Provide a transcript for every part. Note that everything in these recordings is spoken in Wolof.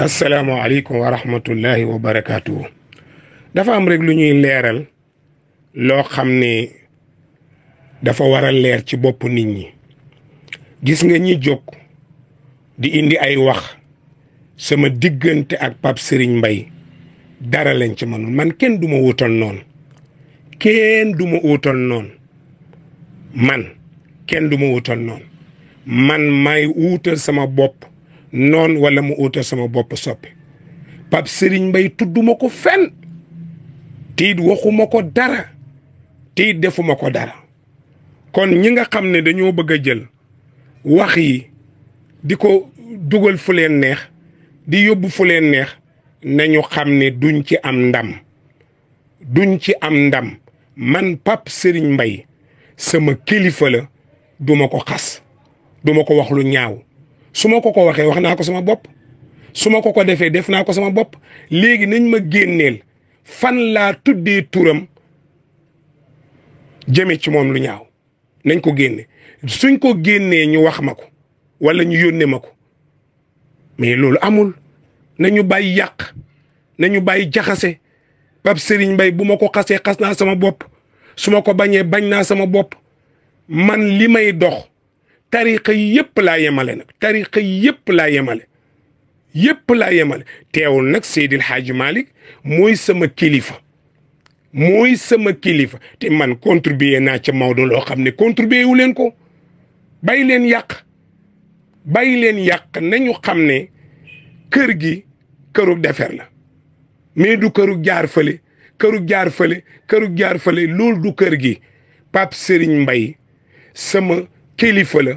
asalaamaaleykum wa rahmatullahi wa dafa am rek lu ñuy leeral loo xam ne dafa war a leer ci bopp nit ñi gis nga ñi jóg di indi ay wax sama diggante ak Pape Serigne Mbaye dara lañ ci mënul man kenn du ma wutal noonu kenn du ma wutal noonu man kenn du ma wutal noonu man may wuutal sama bopp noon wala mu uutal sama bopp soppe Pape Serigne Mbaye tudduma ko fenn tiit waxuma ko dara tiit defuma ko dara kon ñi nga xam ne dañoo bëgg a jël wax yi di ko dugal fu leen neex di yóbbu fu leen neex nañu xam ne duñ ci am ndam duñ ci am ndam man Pape Serigne mbay sama kilifa la duma ko xas duma ko wax lu ñaaw su ma ko ko waxee wax naa ko sama bopp su ma ko ko defee def naa ko sama bopp léegi nañ ma génneel fan laa tuddee turam jëme ci moom lu ñaaw nañ ko génne suñ ko génnee ñu wax ma ko wala ñu yónnee ma ko mais loolu amul nañu bàyyi yàq nañu bàyyi jaxase Pape Serigne bay bu ma ko xasee xas naa sama bopp su ma ko bañee bañ naa sama bopp man li may dox tariqa yëpp laa yemale nag tariqa yëpp laa yemale yëpp laa yemale teewul nag Seydil Hadji Malick mooy sama kilifa mooy sama kilifa te man contribuer naa ca Maodo loo xam ne contribuer wu leen ko bay leen yàq bay leen yàq nañu xam ne kër gi këru defer la mais du këru jaar fële këru jaar fële këru jaar fële loolu du kër gi Pape Serigne Mbaye sama kilifa la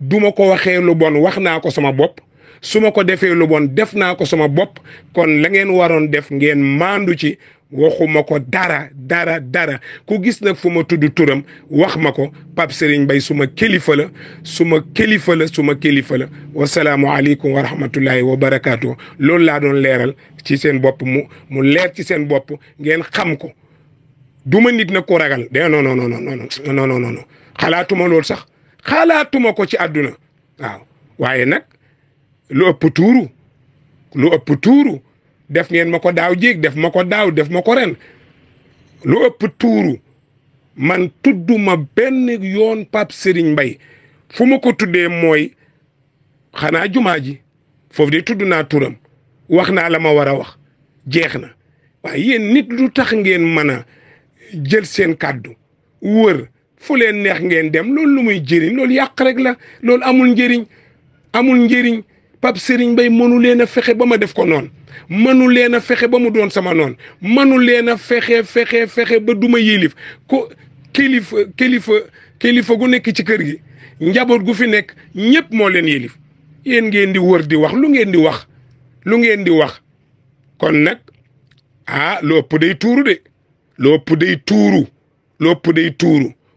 du ma ko waxee lu bon wax naa ko sama bopp su ma ko defee lu bon def naa ko sama bopp kon la ngeen waroon def ngeen maandu ci waxuma ko dara dara dara ku gis nag fu ma tudd turam wax ma ko Pape Serigne Mbaye suma kilifa la suma kilifa la suma kilifa la wasalaamualeykum wa rahmatullahi wa barakaatu loolu laa doon leeral ci seen bopp mu mu leer ci seen bopp ngeen xam ko du ma nit na ko ragal de non non non non non loolu sax xalaatuma ko ci àdduna waaw waaye nag lu ëpp tuuru lu ëpp tuuru def ngeen ma ko daaw jéeg def ma ko daaw def ma ko ren lu ëpp tuuru man tudduma benn yoon Pape Serigne Mbaye fu ma ko tuddee mooy xanaa jumaa ji foofu de tudd naa turam wax naa la ma war a wax jeex na waaye yéen nit lu tax ngeen mën a jël seen kàddu wër fu leen neex ngeen dem loolu lu muy jëriñ loolu yàq rek la loolu amul njëriñ amul njëriñ Pape Serigne bay mënu leen a fexe ba ma def ko noonu mënu leen a fexe ba mu doon sama noon mënu leen a fexe fexe fexe ba du ma yilif ko kilifa kilifa gu nekk ci kër gi njaboot gu fi nekk ñëpp moo leen yilif yéen ngeen di wër di wax lu ngeen di wax lu ngeen di wax kon nag ah lu ëpp day tuuru de lu ëpp day tuuru lu ëpp day tuuru